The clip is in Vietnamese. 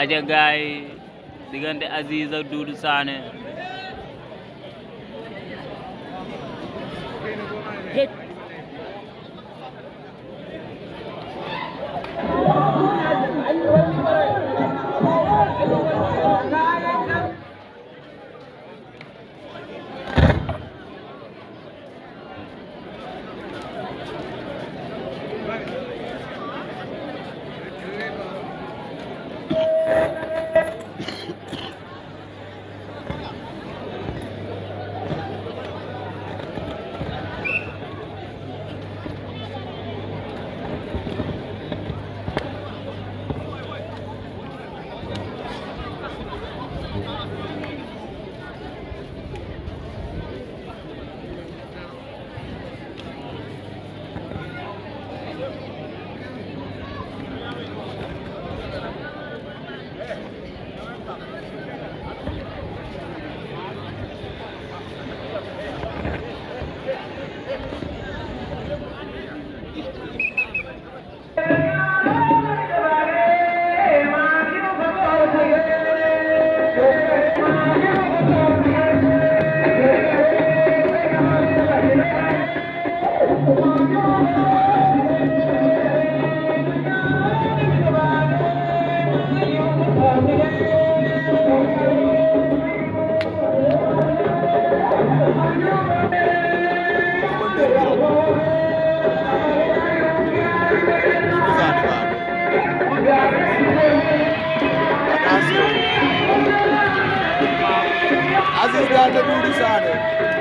aje gayi diggante Aziza Doudou Sané Thank you. か。Aziz Daouda Doudou Sané